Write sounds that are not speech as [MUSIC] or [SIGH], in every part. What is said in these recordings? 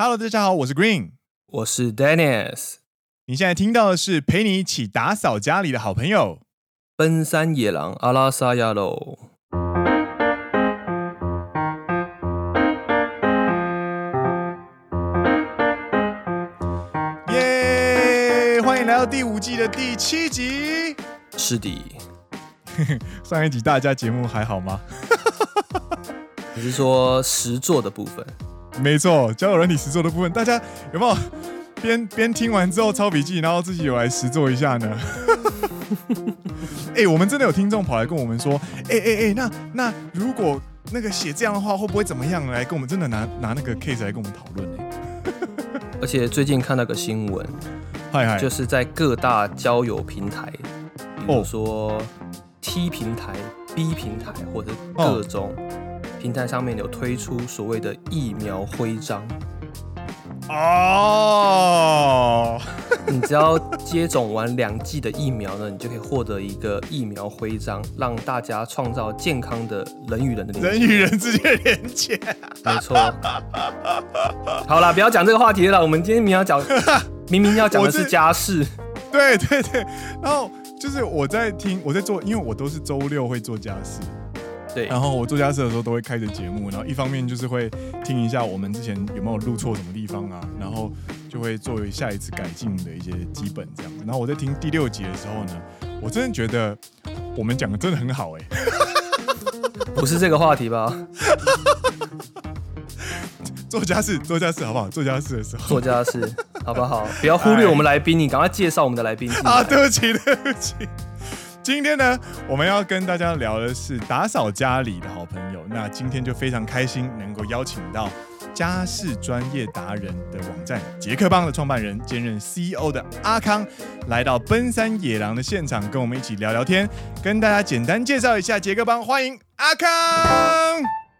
Hello，大家好，我是 Green，我是 Dennis。你現在聽到的是陪你一起打掃家裡的好朋友——奔三野郎阿拉薩亞羅。耶！Yeah, 歡迎來到第五季的第七集。是的。上一集大家節目還好嗎？ [LAUGHS] 你是說實作的部分？沒錯，交友軟體實作的部分，大家有沒有邊邊聽完之後抄筆記，然後自己有來實作一下呢？哎、 [LAUGHS] [LAUGHS] 欸，我們真的有聽眾跑來跟我們說，哎哎哎，那那如果那個寫這樣的話，會不會怎麼樣？來跟我們真的拿拿那個 case 來跟我們討論、欸？ [LAUGHS] 而且最近看到一個新聞，hi hi 就是在各大交友平台，比如說 T、oh. 平台、B 平台，或者各種。Oh. 平台上面有推出所謂的疫苗徽章哦，你只要接種完兩劑的疫苗呢，你就可以獲得一個疫苗徽章，讓大家創造健康的人與人的聯人與人之間的連接。沒錯。好了，不要講這個話題了。我們今天要講明明要講的是家事，對對對。然後就是我在聽，我在做，因為我都是周六會做家事。然後我做家事的時候都會開着節目，然後一方面就是會聽一下我們之前有沒有錄錯什麼地方啊，然後就會作為下一次改進的一些基本這樣。然後我在聽第六集的時候呢，我真的覺得我們講的真的很好哎、欸，不是這個話題吧？做家事做家事好不好？做家事的時候做家事好不好？不要忽略我們來賓，你趕快介紹我們的來賓啊！對不起對不起。今天呢，我們要跟大家聊的是打掃家裡的好朋友。那今天就非常開心能夠邀請到家事專業達人的網站潔客幫的創辦人兼任 CEO 的阿康，來到奔三野郎的現場，跟我們一起聊聊天，跟大家簡單介紹一下潔客幫，歡迎阿康。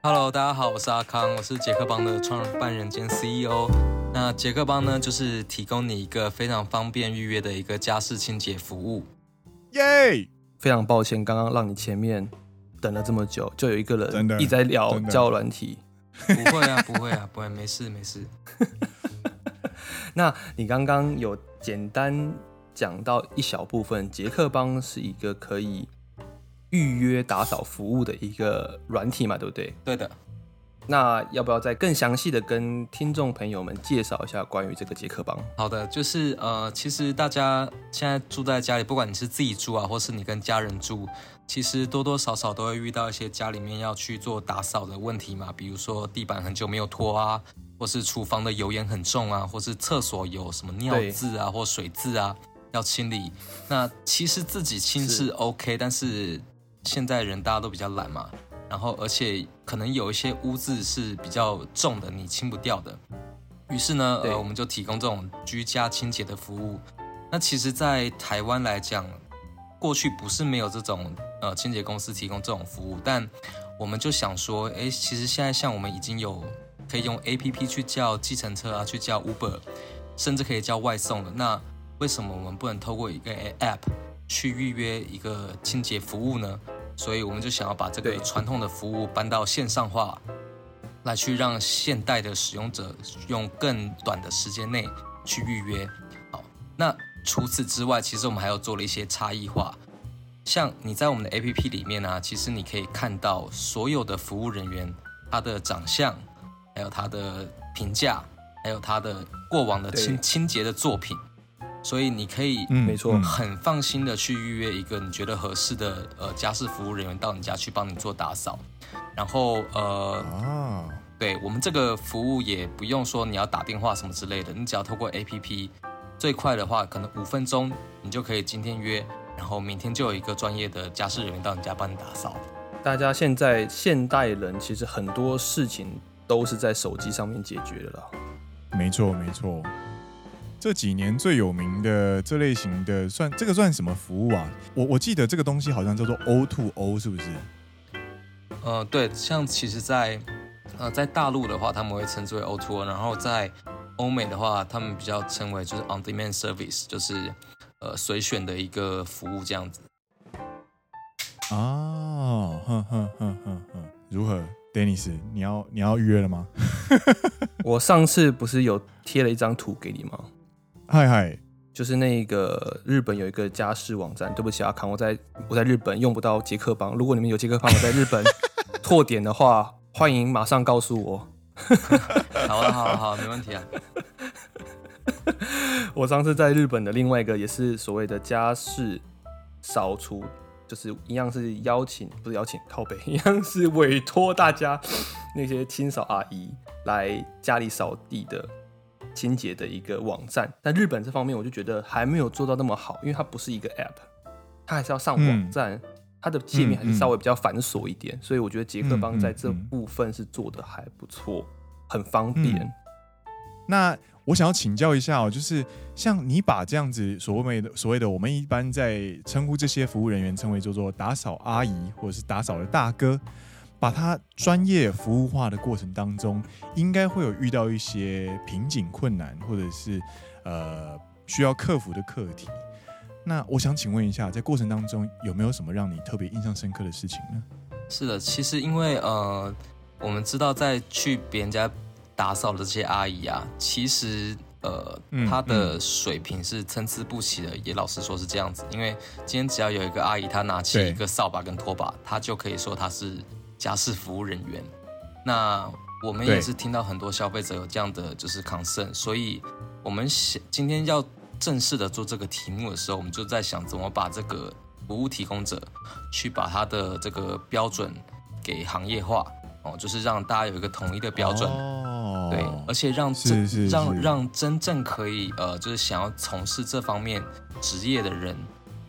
Hello，大家好，我是阿康，我是潔客幫的創辦人兼 CEO。那潔客幫呢，就是提供你一個非常方便預約的一個家事清潔服務。耶。Yeah! 非常抱歉，剛剛讓你前面等了這麼久，就有一個人一直在聊叫軟體。 [LAUGHS] 不會啊，不會啊，不會，沒事沒事。 [LAUGHS] 那你剛剛有簡單講到一小部分，潔客幫是一個可以預約打掃服務的一個軟體嘛？對不對？對的。那要不要再更詳細的跟聽眾朋友們介紹一下關於這個潔客幫？好的，就是呃，其實大家現在住在家裡，不管你是自己住啊，或是你跟家人住，其實多多少少都會遇到一些家裡面要去做打掃的問題嘛，比如說地板很久沒有拖啊，或是廚房的油煙很重啊，或是廁所有什麼尿漬啊對或水漬啊要清理。那其實自己清是 OK, 是 OK，但是現在人大家都比較懶嘛。然後，而且可能有一些污漬是比較重的，你清不掉的。於是呢，對呃，我們就提供這種居家清潔的服務。那其實，在台灣來講，過去不是沒有這種呃清潔公司提供這種服務，但我們就想說，誒，其實現在像我們已經有可以用 APP 去叫計程車啊，去叫 Uber，甚至可以叫外送了。那為什麼我們不能透過一個 APP 去預約一個清潔服務呢？所以我們就想要把這個傳統的服務搬到線上化，來去讓現代的使用者用更短的時間內去預約。好，那除此之外，其實我們還有做了一些差異化。像你在我們的 APP 裡面呢、啊，其實你可以看到所有的服務人員，他的長相，還有他的評價，還有他的過往的清清潔的作品。所以你可以、嗯，沒錯，很放心的去預約一個你覺得合適的呃家事服務人員到你家去幫你做打掃，然後呃，啊、對，我們這個服務也不用說你要打電話什麼之類的，你只要通過 APP，最快的話可能五分鐘你就可以今天約，然後明天就有一個專業的家事人員到你家幫你打掃。大家現在現代人其實很多事情都是在手機上面解決的了，沒錯沒錯。這幾年最有名的這類型的算這個算什麼服務啊？我我記得這個東西好像叫做 O2O，是不是？呃，對，像其實在，在呃在大陸的話，他們會稱之為 O2O，然後在歐美的話，他們比較稱為就是 On Demand Service，就是呃隨選的一個服務這樣子。啊，哼哼哼哼哼，如何，Dennis？你要你要預約了嗎？ [LAUGHS] 我上次不是有貼了一張圖給你嗎？嗨嗨，hi hi 就是那個日本有一個家事網站。對不起阿、啊、康，看我在我在日本用不到潔客幫。如果你們有潔客幫在日本拓點的話， [LAUGHS] 歡迎馬上告訴我。 [LAUGHS] [LAUGHS] 好了好了好，沒問題啊。 [LAUGHS] 我上次在日本的另外一個也是所謂的家事掃除，就是一樣是邀請不是邀請靠北，一樣是委托大家那些清掃阿姨來家裡掃地的。清潔的一個網站，但日本這方面我就覺得還沒有做到那麼好，因為它不是一個 App，它還是要上網站，嗯、它的界面還是稍微比較繁瑣一點，嗯、所以我覺得潔客幫在這部分是做得還不錯，嗯、很方便、嗯。那我想要請教一下哦，就是像你把這樣子所謂的所謂的我們一般在稱呼這些服務人員稱為叫做做打掃阿姨或者是打掃的大哥，把它專業服務化的過程當中，應該會有遇到一些瓶頸、困難，或者是呃需要克服的課題。那我想請問一下，在過程當中有沒有什麼讓你特別印象深刻的事情呢？是的，其實因為呃，我們知道在去別人家打掃的這些阿姨啊，其實呃她、嗯、的水平是參差不齊的，嗯、也老實說是這樣子。因為今天只要有一個阿姨，她拿起一個掃把跟拖把，她對就可以說她是。家事服務人員，那我們也是聽到很多消費者有這樣的就是 concern 對所以我們想今天要正式的做這個題目的時候，我們就在想怎麼把這個服務提供者去把他的這個標準給行業化哦，就是讓大家有一個統一的標準，oh, 對，而且讓真讓讓真正可以呃就是想要從事這方面職業的人。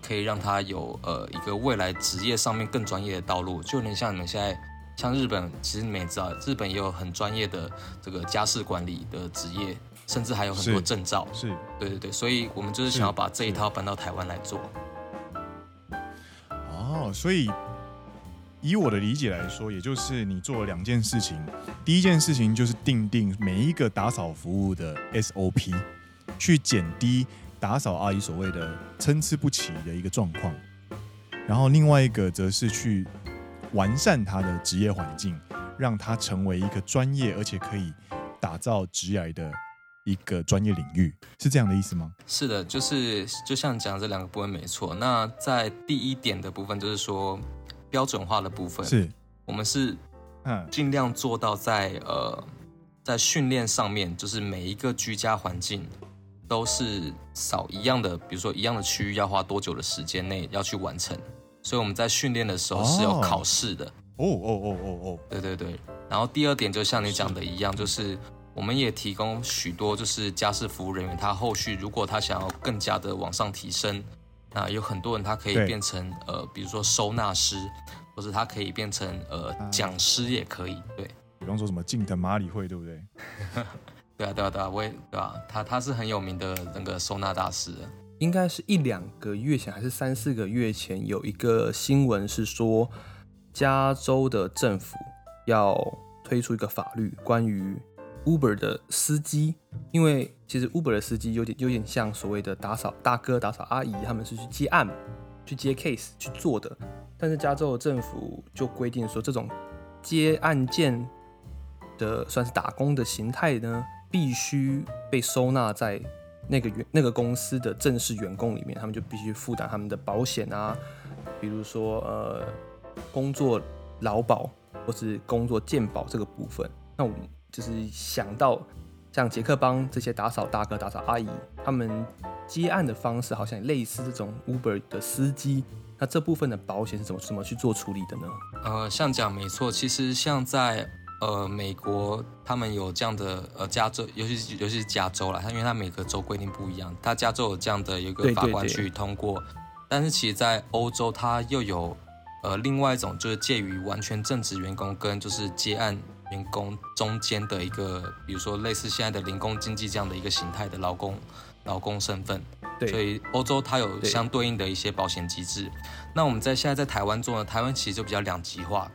可以讓他有呃一個未來職業上面更專業的道路，就能像你們現在，像日本其實你們也知道，日本也有很專業的這個家事管理的職業，甚至還有很多證照。是，對對對，所以我們就是想要把這一套搬到台灣來做。哦，所以以我的理解來說，也就是你做了兩件事情，第一件事情就是訂定每一個打掃服務的 SOP，去減低。打掃阿姨所謂的參差不齊的一個狀況，然後另外一個則是去完善她的職業環境，讓她成為一個專業而且可以打造職涯的一個專業領域，是這樣的意思嗎？是的，就是就像講這兩個部分沒錯。那在第一點的部分就是說標準化的部分，是我們是嗯盡量做到在、嗯、呃在訓練上面，就是每一個居家環境。都是掃一樣的，比如說一樣的區域要花多久的時間內要去完成，所以我們在訓練的時候是要考試的。哦哦哦哦哦，對對對。然後第二點就像你講的一樣，是就是我們也提供許多就是家事服務人員，他後續如果他想要更加的往上提升，那有很多人他可以變成對呃，比如說收納師，或者他可以變成呃講、啊、師也可以。對，比方說什麼近藤麻理惠對不對？ [LAUGHS] 對啊對啊對啊，我也對啊，他他是很有名的那個收納大師。應該是一兩個月前還是三四個月前，有一個新聞是說，加州的政府要推出一個法律，關於 Uber 的司機，因為其實 Uber 的司機有點有點像所謂的打掃大哥、打掃阿姨，他們是去接案、去接 case 去做的。但是加州的政府就規定說，這種接案件的算是打工的形態呢。必須被收納在那個員、那個公司的正式員工裡面，他們就必須負擔他們的保險啊，比如說呃，工作勞保或是工作健保這個部分。那我們就是想到像潔客幫這些打掃大哥、打掃阿姨，他們接案的方式好像類似這種 Uber 的司機，那這部分的保險是怎麼怎麼去做處理的呢？呃，像講沒錯，其實像在。呃，美國他們有這樣的，呃，加州，尤其尤其是加州啦，它因為它每個州規定不一樣，它加州有這樣的一個法官去通過，對對對，但是其實，在歐洲它又有呃另外一種，就是介於完全正職員工跟就是接案員工中間的一個，比如說類似現在的零工經濟這樣的一個形態的勞工，勞工身份，對所以歐洲它有相對應的一些保險機制。對那我們在現在在台灣做呢，台灣其實就比較兩極化。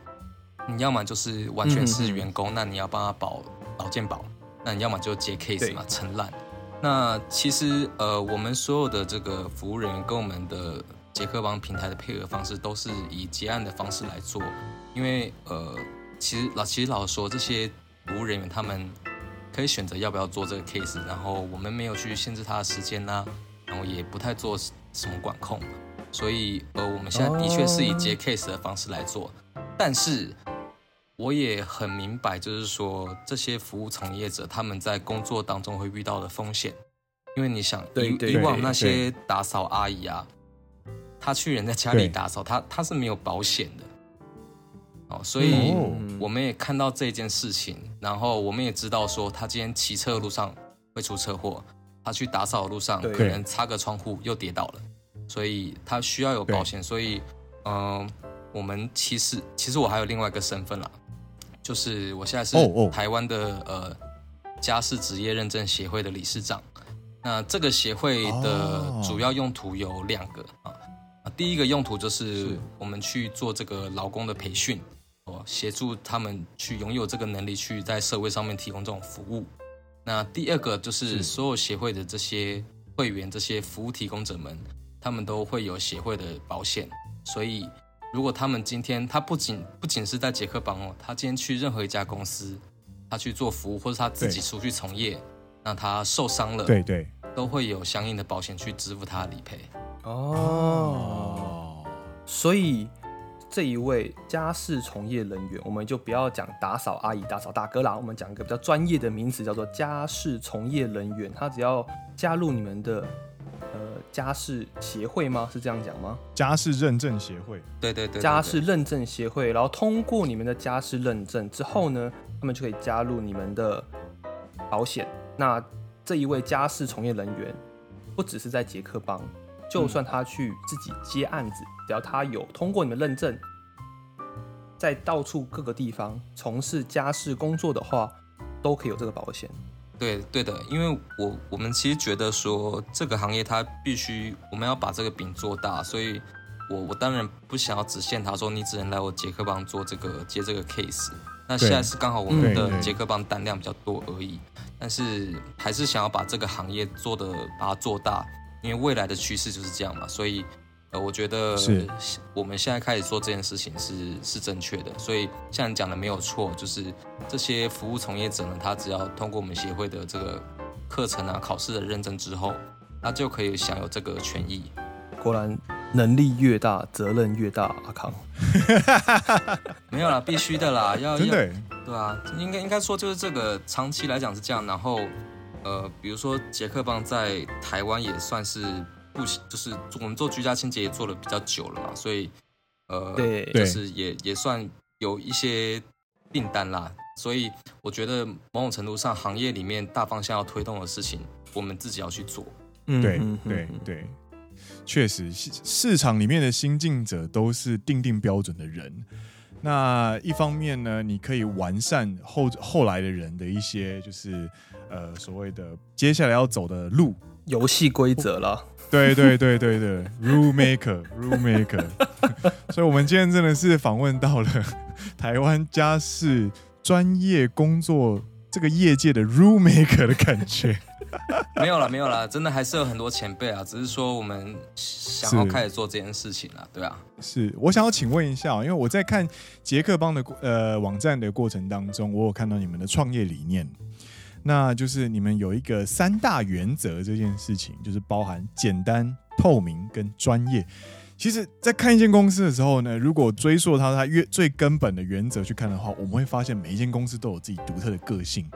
你要麼就是完全是員工，嗯、那你要幫他保保健保，那你要麼就接 case 嘛承攬對。那其實呃，我們所有的這個服務人員跟我們的潔客幫平台的配合方式都是以結案的方式來做，因為呃，其實,其實老其實老實說這些服務人員他們可以選擇要不要做這個 case，然後我們沒有去限制他的時間吶、啊，然後也不太做什麼管控，所以呃，我們現在的確是以結 case 的方式來做，哦、但是。我也很明白，就是說這些服務從業者他們在工作當中會遇到的風險，因為你想以以往那些打掃阿姨啊，她去人家家裡打掃，她她對 是沒有保險的，對 哦，所以我們也看到這件事情，然後我們也知道說她今天騎車的路上會出車禍，她去打掃的路上可能擦個窗戶又跌倒了，所以她需要有保險。對對，所以嗯、呃，我們其實其實我還有另外一個身份啦。就是我現在是台灣的呃家事職業認證協會的理事長，那這個協會的主要用途有兩個啊，第一個用途就是我們去做這個勞工的培訓，哦，協助他們去擁有這個能力去在社會上面提供這種服務。那第二個就是所有協會的這些會員、這些服務提供者們，他們都會有協會的保險，所以。如果他們今天，他不僅不僅是在潔客幫哦，他今天去任何一家公司，他去做服務，或者他自己出去從業，對那他受傷了，對對，都會有相應的保險去支付他的理賠。哦，哦，所以這一位家事從業人員，我們就不要講打掃阿姨、打掃大哥啦，我們講一個比較專業的名詞，叫做家事從業人員。他只要加入你們的，呃，家事協會嗎？是這樣講嗎？家事認證協會，嗯、對,對,對對對，家事認證協會。然後通過你們的家事認證之後呢，嗯、他們就可以加入你們的保險。那這一位家事從業人員，不只是在潔客幫，就算他去自己接案子，嗯、只要他有通過你們認證，在到處各個地方從事家事工作的話，都可以有這個保險。對對的，因為我我們其實覺得說這個行業它必須我們要把這個餅做大，所以我，我我當然不想要只限他說你只能來我潔客幫做這個接這個 case，那現在是剛好我們的潔客幫單量比較多而已，但是還是想要把這個行業做的把它做大，因為未來的趨勢就是這樣嘛，所以。我覺得是，我們現在開始做這件事情是是正確的，所以像你講的沒有錯，就是這些服務從業者呢，他只要通過我們協會的這個課程啊、考試的認證之後，他就可以享有這個權益。果然，能力越大，責任越大，阿康。 [LAUGHS] [LAUGHS] 沒有啦，必須的啦，要真的要對啊，應該應該說就是這個長期來講是這樣，然後呃，比如說潔客幫在台灣也算是。不，就是我們做居家清潔也做了比較久了嘛，所以，呃，對對對，就是也也算有一些訂單啦。所以我覺得某種程度上，行業裡面大方向要推動的事情，我們自己要去做。嗯，對對對，確實，市市場裡面的新進者都是定定標準的人。那一方面呢，你可以完善後後來的人的一些，就是呃所謂的接下來要走的路。遊戲規則了，哦，對對對對對 rule maker, rule maker, rule maker [LAUGHS] 所以，我們今天真的是訪問到了台灣家事專業工作這個業界的 rule maker 的感覺，沒啦。沒有了，沒有了，真的還是有很多前輩啊，只是說我們想要開始做這件事情了，啊，是對啊。是我想要請問一下，啊，因為我在看潔客幫的呃網站的過程當中，我有看到你們的創業理念。那就是你們有一個三大原則這件事情，就是包含簡單、透明跟專業。其實，在看一間公司的時候呢，如果追溯它它最根本的原則去看的話，我們會發現每一間公司都有自己獨特的個性。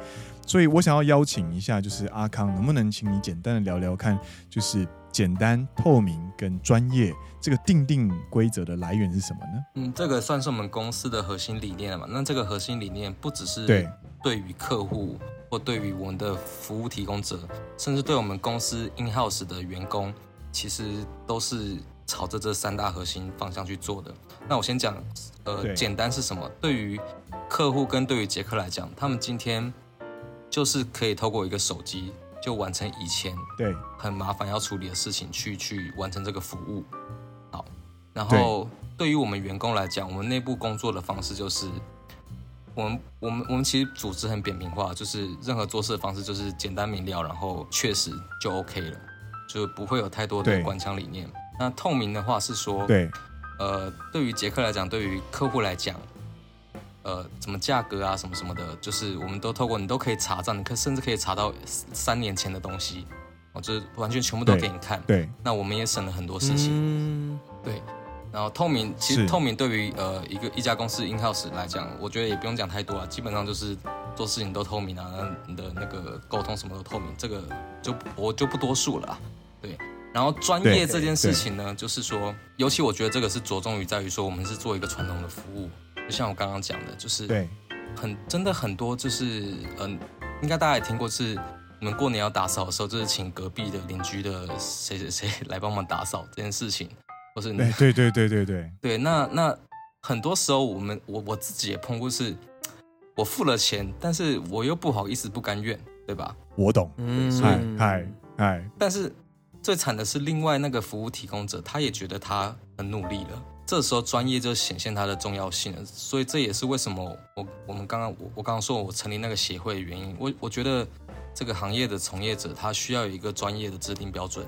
所以我想要邀請一下，就是阿康，能不能請你簡單的聊聊看，就是。簡單、透明跟專業，這個訂定規則的來源是什麼呢？嗯，這個算是我們公司的核心理念了嘛。那這個核心理念不只是對於客戶或對於我們的服務提供者，對甚至對我們公司 InHouse 的員工，其實都是朝着這三大核心方向去做的。那我先講，呃，對簡單是什麼？對於客戶跟對於潔客來講，他們今天就是可以透過一個手機。就完成以前對很麻煩要處理的事情去，去對去完成這個服務，好。然後對於我們員工來講，我們內部工作的方式就是，我們我們我們其實組織很扁平化，就是任何做事的方式就是簡單明了，然後確實就 OK 了，就不會有太多的官腔理念。對那透明的話是說，對，呃，對於潔客來講，對於客戶來講。呃，什麼價格啊，什麼什麼的，就是我們都透過你都可以查賬，你可甚至可以查到三年前的東西，我、啊、就是完全全部都給你看。對，對那我們也省了很多事情。嗯、對，然後透明，其實透明對於是呃一個一家公司 in-house 來講，我覺得也不用講太多啊，基本上就是做事情都透明啊，那你的那個溝通什麼都透明，這個就我就不多說了、啊。對，然後專業這件事情呢，就是說，尤其我覺得這個是着重於在於說，我們是做一個傳統的服務。就像我剛剛講的，就是對，很真的很多，就是嗯、呃，應該大家也聽過，是你們過年要打掃的時候，就是請隔壁的鄰居的誰誰誰來幫忙打掃這件事情，或是對對對對對對，對那那很多時候我們我我自己也碰過，是，我付了錢，但是我又不好意思不甘願，對吧？我懂，哎嗨嗨。但是最慘的是，另外那個服務提供者，他也覺得他很努力了。這時候專業就顯現它的重要性了，所以這也是為什麼我我們剛剛我我剛剛說我成立那個協會的原因。我我覺得這個行業的從業者他需要有一個專業的制定標準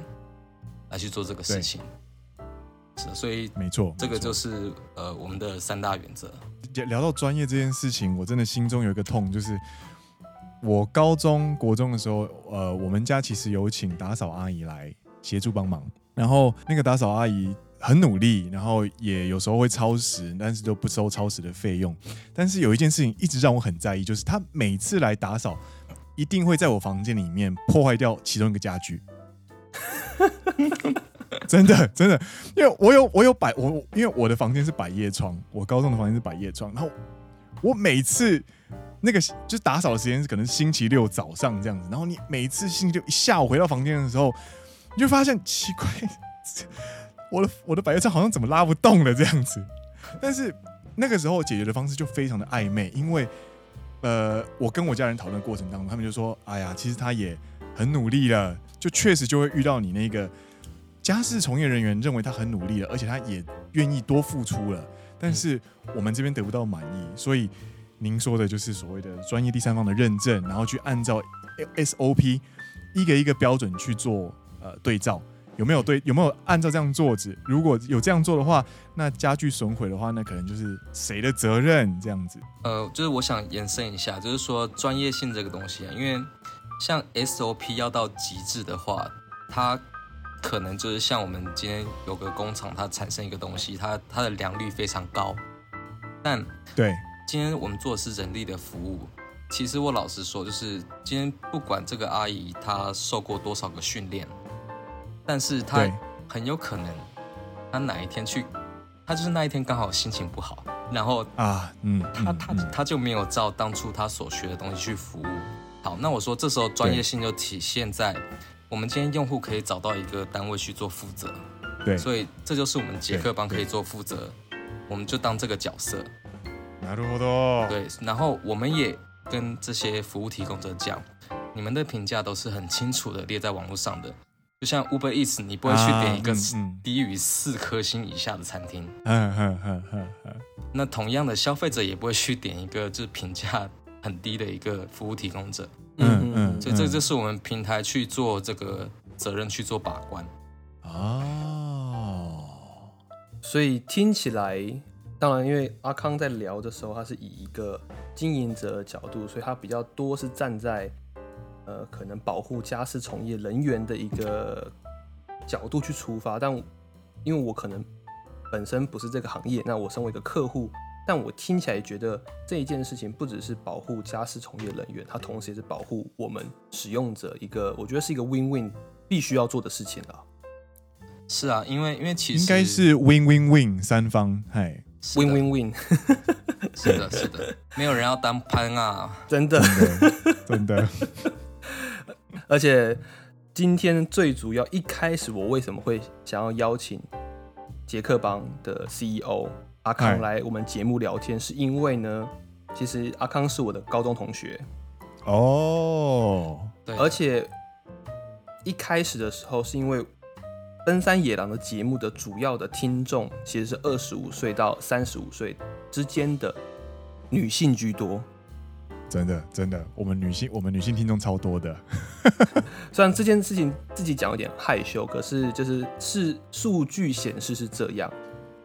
來去做這個事情。對是，所以沒錯，這個就是錯呃我們的三大原則。聊到專業這件事情，我真的心中有一個痛，就是我高中、國中的時候，呃，我們家其實有請打掃阿姨來協助幫忙，然後那個打掃阿姨。很努力，然後也有時候會超時，但是都不收超時的費用。但是有一件事情一直讓我很在意，就是他每次來打掃，一定會在我房間裡面破壞掉其中一個家具。 [LAUGHS] 真的真的，因為我有我有擺我,我，因為我的房間是百葉窗，我高中的房間是百葉窗。然後我每次那個就是、打掃的時間是可能是星期六早上這樣子，然後你每一次星期六一下午回到房間的時候，你就發現奇怪。我的我的百葉窗好像怎麼拉不動了這樣子，但是那個時候解決的方式就非常的曖昧，因為呃，我跟我家人討論過程當中，他們就說：“哎呀，其實他也很努力了，就確實就會遇到你那個家事從業人員認為他很努力了，而且他也願意多付出了，但是我們這邊得不到滿意，所以您說的就是所謂的專業第三方的認證，然後去按照 SOP 一個一個標準去做呃對照。”有沒有對？有沒有按照這樣做？如果有這樣做的話，那家具損毀的話，那可能就是誰的責任？這樣子。呃，就是我想延伸一下，就是說專業性這個東西啊，因為像 SOP 要到極致的話，它可能就是像我們今天有個工廠，它產生一個東西，它它的良率非常高。但對，今天我們做的是人力的服務。其實我老實說，就是今天不管這個阿姨她受過多少個訓練。但是他很有可能，他哪一天去，他就是那一天剛好心情不好，然後啊，嗯，他他他就沒有照當初他所學的東西去服務。好，那我說這時候專業性就體現在我們今天用戶可以找到一個單位去做負責，對，所以這就是我們潔客幫可以做負責，我們就當這個角色。なるほど。對，然後我們也跟這些服務提供者講，你們的評價都是很清楚的列在網絡上的。就像 Uber Eats，你不會去點一個低於四顆星以下的餐廳。嗯嗯嗯嗯嗯。嗯，那同樣的，消費者也不會去點一個就是評價很低的一個服務提供者。嗯嗯嗯。嗯嗯，所以這就是我們平台去做這個責任去做把關。哦。所以聽起來，當然，因為阿康在聊的時候，他是以一個經營者的角度，所以他比較多是站在。可能保護家事從業人員的一個角度去出發，但因為我可能本身不是這個行業，那我身為一個客戶，但我聽起來覺得這一件事情不只是保護家事從業人員，他同時也是保護我們使用者一個，我覺得是一個 win win 必須要做的事情了。是啊，因為因為其實應該是 win win win 三方，嘿，win win win [LAUGHS] 是的，是的， [LAUGHS] 沒有人要當盤啊，真的，真的，真的。 [LAUGHS] 而且今天最主要，一開始我為什麼會想要邀請潔客幫的 CEO 阿康來我們節目聊天，哎、是因為呢，其實阿康是我的高中同學哦，對。而且一開始的時候，是因為《奔三野郎》的節目的主要的聽眾其實是二十五歲到三十五歲之間的女性居多。真的，真的，我們女性，我們女性聽眾超多的。 [LAUGHS] 雖然這件事情自己講有點害羞，可是就是是數據顯示是這樣。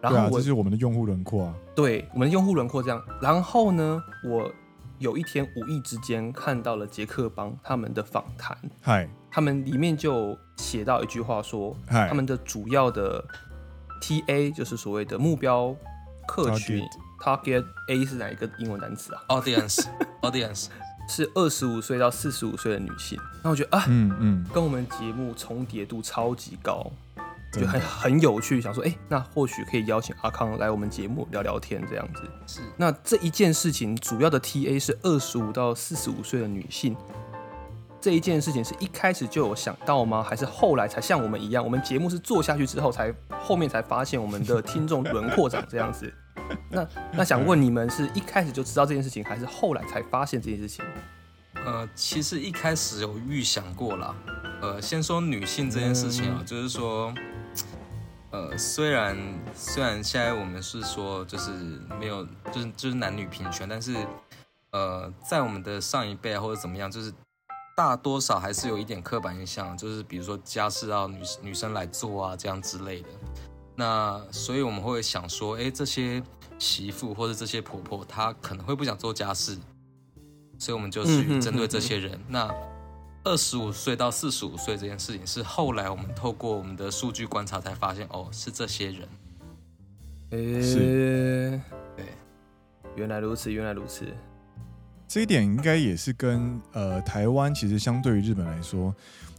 然後、啊，這是我們的用戶輪廓啊。對，我們的用戶輪廓這樣。然後呢，我有一天無意之間看到了潔客幫他們的訪談，Hi 他們裡面就寫到一句話說，Hi 他們的主要的 TA 就是所謂的目標客群。Target A 是哪一個英文單詞啊？Audience，Audience [LAUGHS] 是二十五歲到四十五歲的女性。那我覺得啊，嗯嗯，嗯跟我們節目重疊度超級高，就很很有趣。想說，哎、欸，那或許可以邀請阿康來我們節目聊聊天，這樣子。是。那這一件事情，主要的 TA 是二十五到四十五歲的女性。這一件事情是一開始就有想到嗎？還是後來才像我們一樣，我們節目是做下去之後才，才後面才發現我們的聽眾輪廓長這樣子。 [LAUGHS] [LAUGHS] 那那想問你們是一開始就知道這件事情，還是後來才發現這件事情？呃，其實一開始有預想過啦。呃，先說女性這件事情啊、哦，嗯、就是說，呃，雖然雖然現在我們是說就是沒有就是就是男女平權，但是呃，在我們的上一輩、啊、或者怎麼樣，就是大多少還是有一點刻板印象，就是比如說家事要、啊、女女生來做啊這樣之類的。那所以我們會想說，哎，這些媳婦或者這些婆婆，她可能會不想做家事，所以我們就去針對這些人。嗯嗯嗯、那二十五歲到四十五歲這件事情，是後來我們透過我們的數據觀察才發現，哦，是這些人。誒是，對，原來如此，原來如此。這一點應該也是跟呃台灣其實相對於日本來說。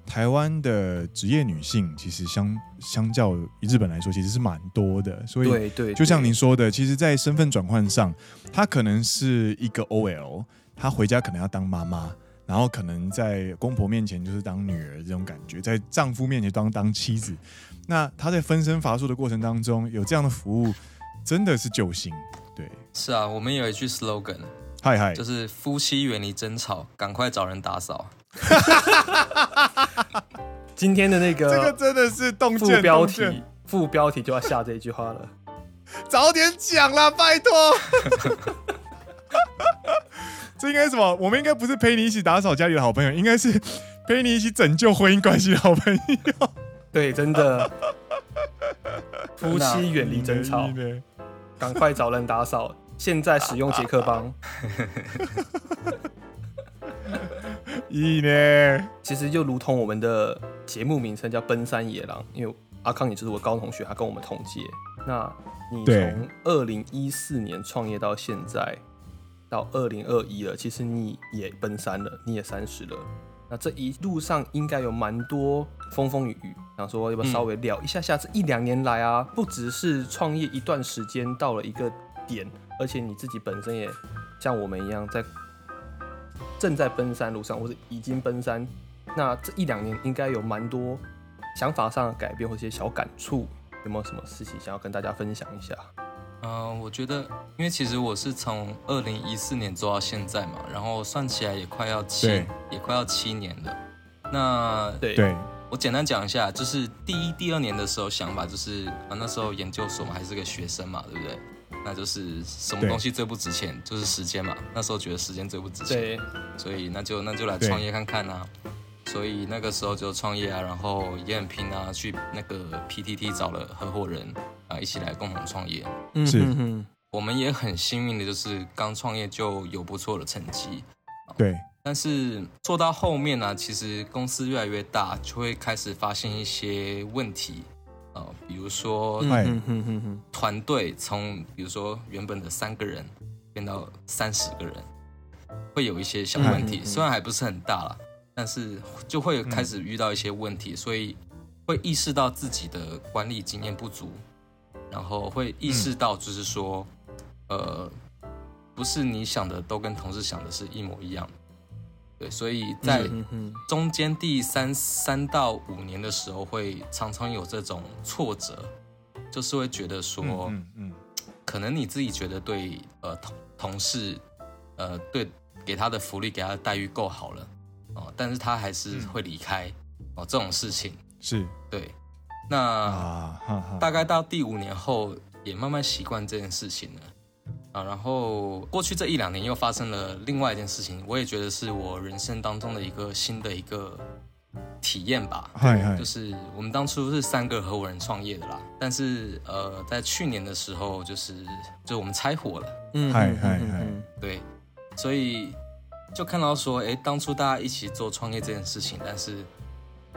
台灣的職業女性其實相相較日本來說，其實是蠻多的。所以，就像您說的，對對對，其實，在身份轉換上，她可能是一個 OL，她回家可能要當媽媽，然後可能在公婆面前就是當女兒這種感覺，在丈夫面前當當妻子。那她在分身乏術的過程當中，有這樣的服務，真的是救星。對，是啊，我們有一句 slogan，嗨嗨 hi，就是夫妻遠離爭吵，趕快找人打掃。 [LAUGHS] [LAUGHS] 今天的那個，這個真的是動副標題，副標題就要下這一句話了。早點講啦，拜托。這應該什麼？我們應該不是陪你一起打掃家裡的好朋友，應該是陪你一起拯救婚姻關係的好朋友。對，真的。夫妻遠離爭吵，趕快找人打掃。現在使用潔客幫。一年，其實就如同我們的。節目名稱叫《奔三野郎》，因為阿康，你就是我高中同學，他跟我們同屆。那你從二零一四年創業到現在，對到二零二一了，其實你也奔三了，你也三十了。那這一路上應該有蠻多風風雨雨，想說要不要稍微聊一下下，下這、嗯、一兩年來啊，不只是創業一段時間到了一個點，而且你自己本身也像我們一樣在正在奔三路上，或者已經奔三。那這一兩年應該有蠻多想法上的改變或者一些小感觸，有沒有什麼事情想要跟大家分享一下？嗯、呃，我覺得，因為其實我是從二零一四年做到現在嘛，然後算起來也快要七對也快要七年了。那對，對我簡單講一下，就是第一、第二年的時候，想法就是啊，那時候研究所嘛，還是個學生嘛，對不對？那就是什麼東西最不值錢，對就是時間嘛。那時候覺得時間最不值錢，對所以那就那就來創業看看呢、啊。所以那個時候就創業啊，然後也很拼啊，去那個 PTT 找了合夥人啊，一起來共同創業。嗯，是。我們也很幸運的，就是剛創業就有不錯的成績。對。但是做到後面呢，啊，其實公司越來越大，就會開始發現一些問題。啊，比如說，嗯，對，團隊從比如說原本的三個人變到三十個人，會有一些小問題，嗯啊，雖然還不是很大了。但是就會開始遇到一些問題，嗯、所以會意識到自己的管理經驗不足，然後會意識到就是說，嗯、呃，不是你想的都跟同事想的是一模一樣，對，所以在中間第三三到五年的時候，會常常有這種挫折，就是會覺得說，嗯嗯，嗯嗯可能你自己覺得對，呃，同同事，呃，對，給他的福利，給他的待遇夠好了。哦、但是他還是會離開、嗯、哦，這種事情是對。那、啊、哈哈，大概到第五年後，也慢慢習慣這件事情了啊。然後過去這一兩年又發生了另外一件事情，我也覺得是我人生當中的一個新的一個體驗吧嘿嘿。就是我們當初是三個合夥人創業的啦，但是呃，在去年的時候，就是就我們拆夥了。嗯，對，所以。就看到說，誒，當初大家一起做創業這件事情，但是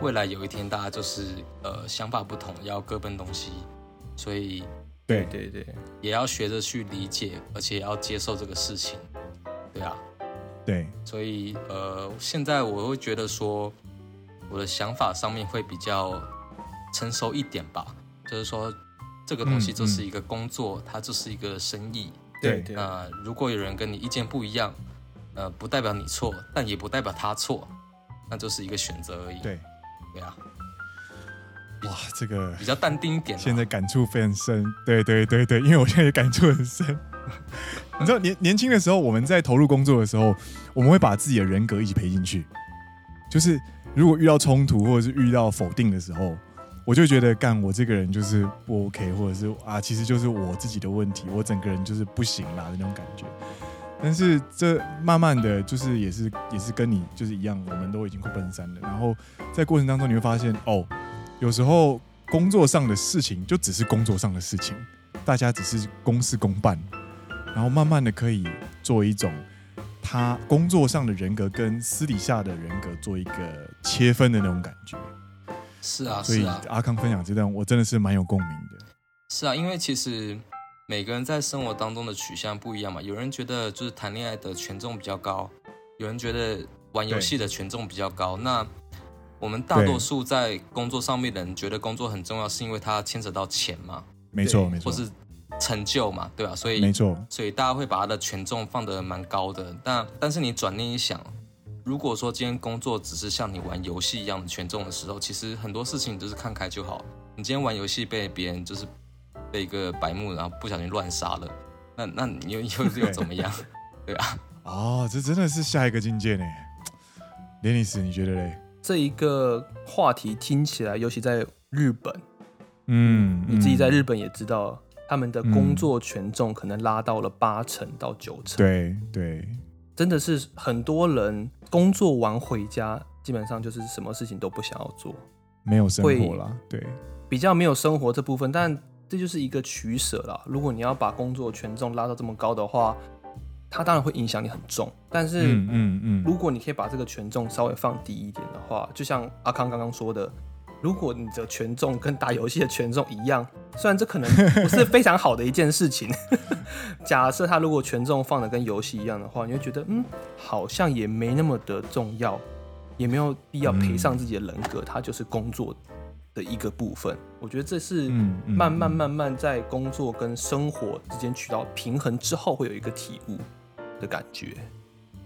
未來有一天大家就是呃想法不同，要各奔東西，所以對對對，對對也要學着去理解，而且也要接受這個事情，對啊，對，所以呃現在我會覺得說，我的想法上面會比較成熟一點吧，就是說這個東西就是一個工作，嗯、它就是一個生意，對對，對對，那如果有人跟你意見不一樣。呃，不代表你錯，但也不代表他錯，那就是一個選擇而已。對，對啊。哇，這個比較淡定一點，啊，現在感觸非常深。對對對對，因為我現在也感觸很深。 [LAUGHS] 你知道，嗯、年年輕的時候，我們在投入工作的時候，我們會把自己的人格一起賠進去。就是如果遇到衝突或者是遇到否定的時候，我就覺得幹我這個人就是不 OK，或者是啊，其實就是我自己的問題，我整個人就是不行啦那種感覺。但是這慢慢的，就是也是也是跟你就是一樣，我們都已經快奔三了。然後在過程當中你會發現，哦，有時候工作上的事情就只是工作上的事情，大家只是公事公辦。然後慢慢的可以做一種他工作上的人格跟私底下的人格做一個切分的那種感覺。是啊，啊，是啊，所以阿康分享這段，我真的是蠻有共鳴的。是啊，因為其實。每個人在生活當中的取向不一樣嘛，有人覺得就是談戀愛的權重比較高，有人覺得玩遊戲的權重比較高。對那我們大多數在工作上面的人覺得工作很重要，是因為它牽扯到錢嘛？沒錯，對沒錯。或是成就嘛，對吧？所以沒錯，所以大家會把它的權重放得蠻高的。但但是你轉念一想，如果說今天工作只是像你玩遊戲一樣的權重的時候，其實很多事情就是看開就好。你今天玩遊戲被別人就是。被一個白目然後不小心亂殺了，那那你又你又又怎麼樣？ [LAUGHS] 對啊，哦，這真的是下一個境界呢。Lennis，你覺得呢？這一個話題聽起來，尤其在日本，嗯，嗯你自己在日本也知道，嗯、他們的工作權重可能拉到了八成到九成。對對，對真的是很多人工作完回家，基本上就是什麼事情都不想要做，沒有生活了。對，比較沒有生活這部分，對但，這就是一個取捨啦。如果你要把工作權重拉到這麼高的話，它當然會影響你很重。但是，嗯嗯，嗯嗯如果你可以把這個權重稍微放低一點的話，就像阿康剛剛說的，如果你的權重跟打遊戲的權重一樣，雖然這可能不是非常好的一件事情。 [LAUGHS] [LAUGHS] 假設他如果權重放得跟遊戲一樣的話，你會覺得，嗯，好像也沒那麼的重要，也沒有必要賠上自己的人格，它、嗯、就是工作的一個部分，我覺得這是慢慢慢慢在工作跟生活之間取到平衡之後，會有一個體悟的感覺。哎、嗯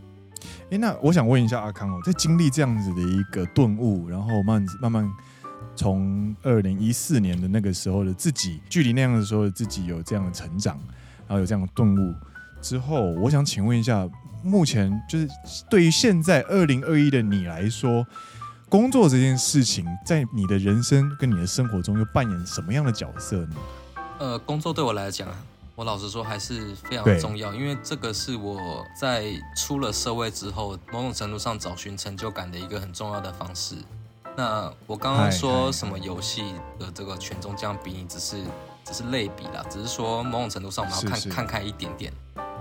嗯嗯，那我想問一下阿康哦，在經歷這樣子的一個頓悟，然後慢慢慢從二零一四年的那個時候的自己，距離那樣的時候的自己有這樣的成長，然後有這樣的頓悟之後，我想請問一下，目前就是對於現在二零二一的你來說。工作這件事情，在你的人生跟你的生活中，又扮演什麼樣的角色呢？呃，工作對我來講，我老實說還是非常重要，對因為這個是我在出了社會之後，某種程度上找尋成就感的一個很重要的方式。那我剛剛說唉唉什麼遊戲的這個權重，這比你只是只是類比啦，只是說某種程度上我們要看是是看開一點點，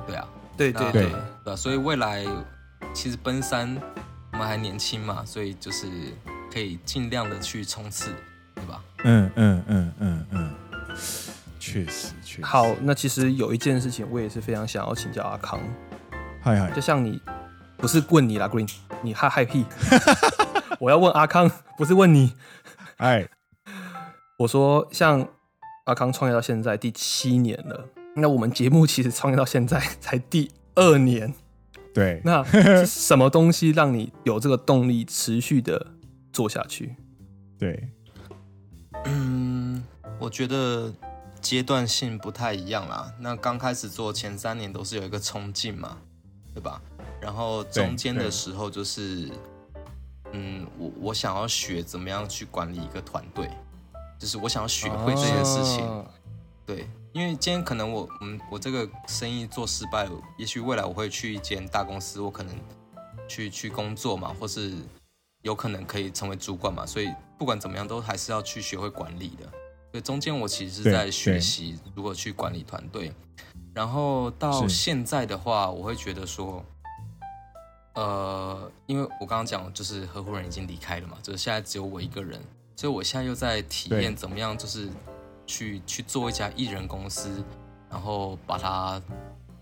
對啊，對對對，對，對、啊。所以未來其實奔三。還年輕嘛，所以就是可以儘量的去衝刺，對吧？嗯嗯嗯嗯嗯，確實確實。好，那其實有一件事情，我也是非常想要請教阿康，嗨嗨，就像你不是問你啦，Green，你嗨嗨屁， [LAUGHS] [LAUGHS] 我要問阿康，不是問你，哎 [LAUGHS] ，Hi. 我說像阿康創業到現在第七年了，那我們節目其實創業到現在才第二年。對，那什麼東西讓你有這個動力持續的做下去？ [LAUGHS] 對，嗯，我覺得階段性不太一樣啦。那剛開始做前三年都是有一個衝勁嘛，對吧？然後中間的時候就是，嗯，嗯，我我想要學怎麼樣去管理一個團隊，就是我想要學會這件事情，哦、對。因為今天可能我嗯我這個生意做失敗了，也許未來我會去一間大公司，我可能去去工作嘛，或是有可能可以成為主管嘛，所以不管怎麼樣都還是要去學會管理的。所以中間我其實是在學習如何去管理團隊，然後到現在的話，我會覺得說，是呃，因為我剛剛講就是合夥人已經離開了嘛，就是現在只有我一個人，所以我現在又在體驗怎麼樣就是。去去做一家藝人公司，然後把它，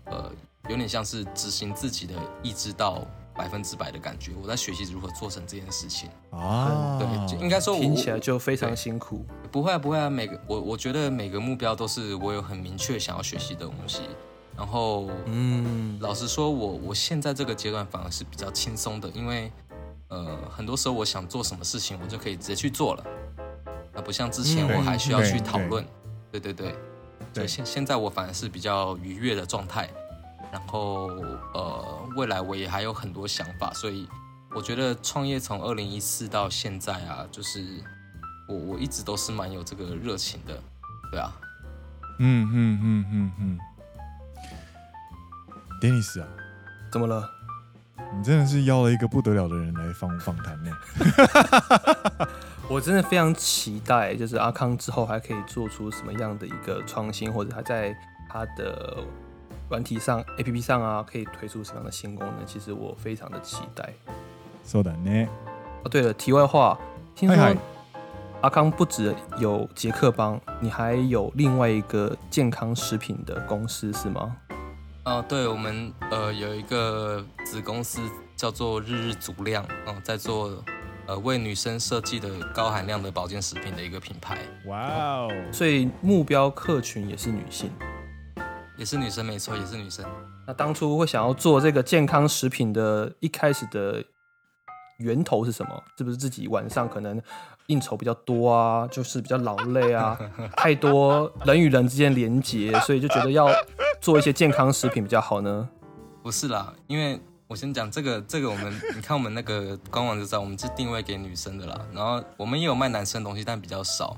呃，有點像是執行自己的意志到百分之百的感覺。我在學習如何做成這件事情啊，哦、對，就應該說，我聽起來就非常辛苦。不會、啊，不會啊，每個我我覺得每個目標都是我有很明確想要學習的東西。然後，嗯，老實說我，我我現在這個階段反而是比較輕鬆的，因為，呃，很多時候我想做什麼事情，我就可以直接去做了。啊、不像之前我還需要去討論，嗯、對，對，對，對對對，所以現對現在我反而是比較愉悅的狀態。然後呃，未來我也還有很多想法，所以我覺得創業從二零一四到現在啊，就是我我一直都是蠻有這個熱情的。對啊，嗯嗯嗯嗯嗯，Dennis 啊，怎麼了？你真的是邀了一個不得了的人來訪訪談呢。 [LAUGHS] [LAUGHS] 我真的非常期待，就是阿康之後還可以做出什麼樣的一個創新，或者他在他的軟體上、APP 上啊，可以推出什麼樣的新功能。其實我非常的期待。そうだね。哦，啊、對了，題外話，聽說はいはい阿康不只有潔客幫，你還有另外一個健康食品的公司是嗎？啊，對，我們呃有一個子公司叫做日日足量，嗯，在做。為女生設計的高含量的保健食品的一個品牌。哇哦 Wow！所以目標客群也是女性，也是女生，沒錯，也是女生。那當初會想要做這個健康食品的，一開始的源頭是什麼？是不是自己晚上可能應酬比較多啊，就是比較勞累啊， [LAUGHS] 太多人與人之間連結，所以就覺得要做一些健康食品比較好呢？不是啦，因為。我先講這個，這個我們你看我們那個官網就知道，我們是定位給女生的啦。然後我們也有賣男生的東西，但比較少。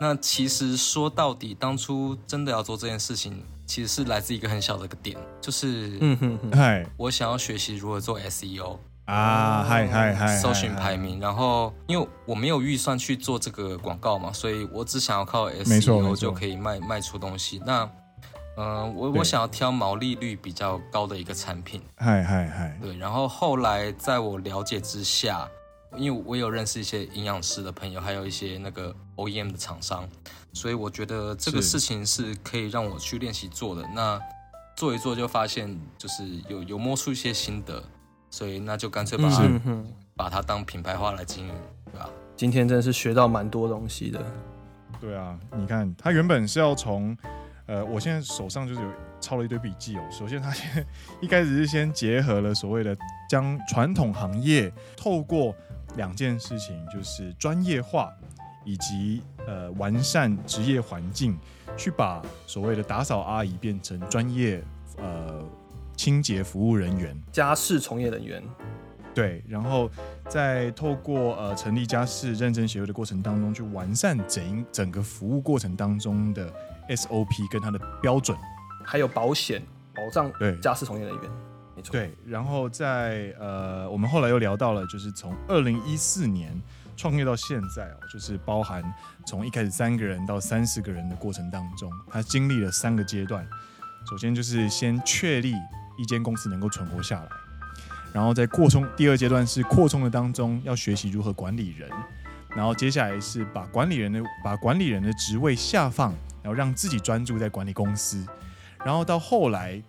那其實說到底，當初真的要做這件事情，其實是來自一個很小的一個點，就是，嗯哼，嗨，我想要學習如何做 SEO、嗯、SEO 啊，嗨嗨嗨，hi hi hi hi. 搜尋排名。然後因為我沒有預算去做這個廣告嘛，所以我只想要靠 SEO 沒錯，就可以賣沒錯，賣出東西。那嗯、呃，我對我想要挑毛利率比較高的一個產品，嗨嗨嗨，對。然後後來在我了解之下，因為我有認識一些營養師的朋友，還有一些那個 OEM 的廠商，所以我覺得這個事情是可以讓我去練習做的。是那做一做就發現，就是有有摸出一些心得，所以那就乾脆把它、嗯、把它當品牌化來經營，對吧？今天真的是學到蠻多東西的。對啊，你看，它原本是要從。呃，我現在手上就是有抄了一堆筆記哦。首先他現在，他先一開始是先結合了所謂的將傳統行業透過兩件事情，就是專業化以及呃完善職業環境，去把所謂的打掃阿姨變成專業呃清潔服務人員、家事從業人員。對，然後再透過呃成立家事認證協會的過程當中，去完善整整個服務過程當中的。SOP 跟它的標準，還有保險保障對家事從業人員，沒錯。對，然後在呃，我們後來又聊到了，就是從二零一四年創業到現在哦，就是包含從一開始三個人到三十個人的過程當中，他經歷了三個階段。首先就是先確立一間公司能夠存活下來，然後在擴充。第二階段是擴充的當中要學習如何管理人，然後接下來是把管理人的把管理人的職位下放。然後讓自己專注在管理公司，然後到後來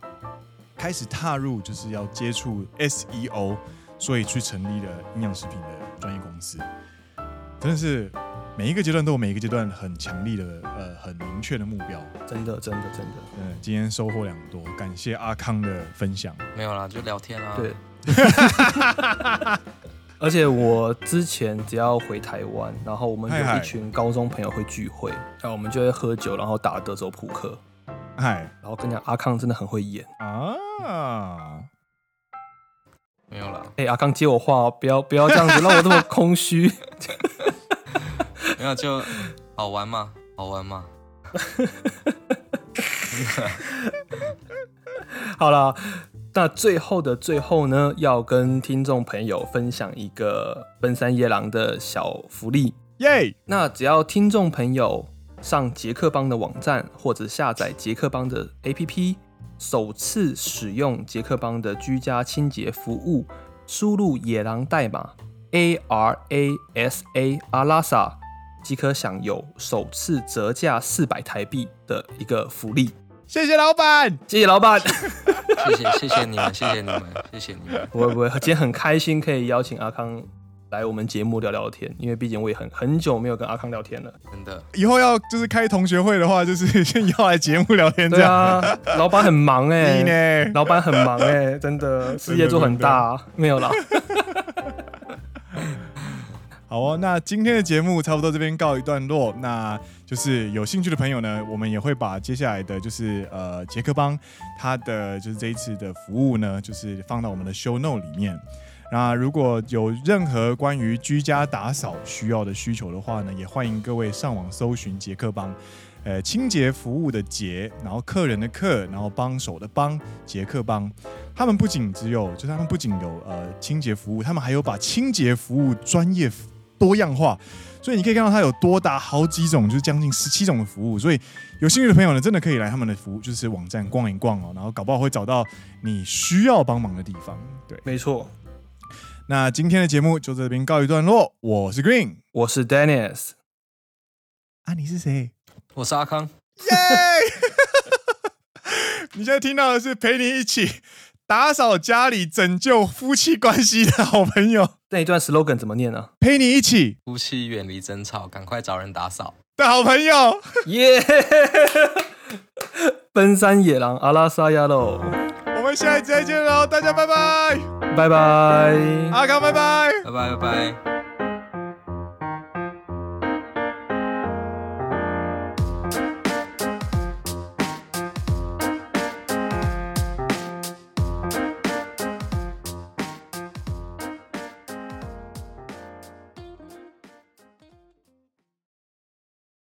開始踏入，就是要接觸 SEO，所以去成立了營養食品的專業公司。真的是每一個階段都有每一個階段很強力的呃很明確的目標，真的真的真的，嗯。今天收穫良多，感謝阿康的分享。沒有啦，就聊天啊。對。 [LAUGHS] 而且我之前只要回台灣，然後我們就有一群高中朋友會聚會，然後嘿我們就會喝酒，然後打德州撲克。嘿然後跟你講，阿康真的很會演啊。沒有了，哎、欸，阿康接我話，不要不要這樣子讓我這麼空虛。沒有，就好玩嘛，好玩嘛。 [LAUGHS] [LAUGHS] 好了。那最後的最後呢，要跟聽眾朋友分享一個奔三野郎的小福利耶！Yeah! 那只要聽眾朋友上潔客幫的網站或者下載潔客幫的 APP，首次使用潔客幫的居家清潔服務，輸入野郎代碼 A R A S A Alasa 即可享有首次折價四百台幣的一個福利。謝謝老闆，謝謝老闆，謝謝，謝謝你們，謝謝你們，謝謝你們。不會不會，今天很開心可以邀請阿康來我們節目聊聊天，因為畢竟我也很很久沒有跟阿康聊天了。真的，以後要就是開同學會的話，就是先要來節目聊天這樣。對啊，老闆很忙哎、欸，呢老闆很忙哎、欸，真的事業做很大、啊，沒有啦。 [LAUGHS] 好哦，那今天的節目差不多這邊告一段落。那就是有興趣的朋友呢，我們也會把接下來的，就是呃，潔客幫他的就是這一次的服務呢，就是放到我們的 show note 裡面。那如果有任何關於居家打掃需要的需求的話呢，也歡迎各位上網搜尋潔客幫，呃，清潔服務的潔，然後客人的客，然後幫手的幫，潔客幫。他們不僅只有，就他們不僅有呃清潔服務，他們還有把清潔服務專業。多樣化，所以你可以看到它有多達好幾種，就是將近十七種的服務。所以有興趣的朋友呢，真的可以來他們的服務，就是網站逛一逛哦、喔，然後搞不好會找到你需要幫忙的地方。對，沒錯。那今天的節目就在這邊告一段落。我是 Green，我是 Dennis。啊，你是誰？我是阿康。耶！Yeah! [LAUGHS] 你現在聽到的是陪你一起。 [LAUGHS] 打掃家裡，拯救夫妻關係的好朋友，那一段 slogan 怎麼念呢、啊？陪你一起，夫妻遠離爭吵，趕快找人打掃的好朋友，耶！奔山野郎阿拉薩亞嘍，我們下一集再見嘍，大家拜拜，拜拜 bye bye，阿康拜拜，拜拜拜拜。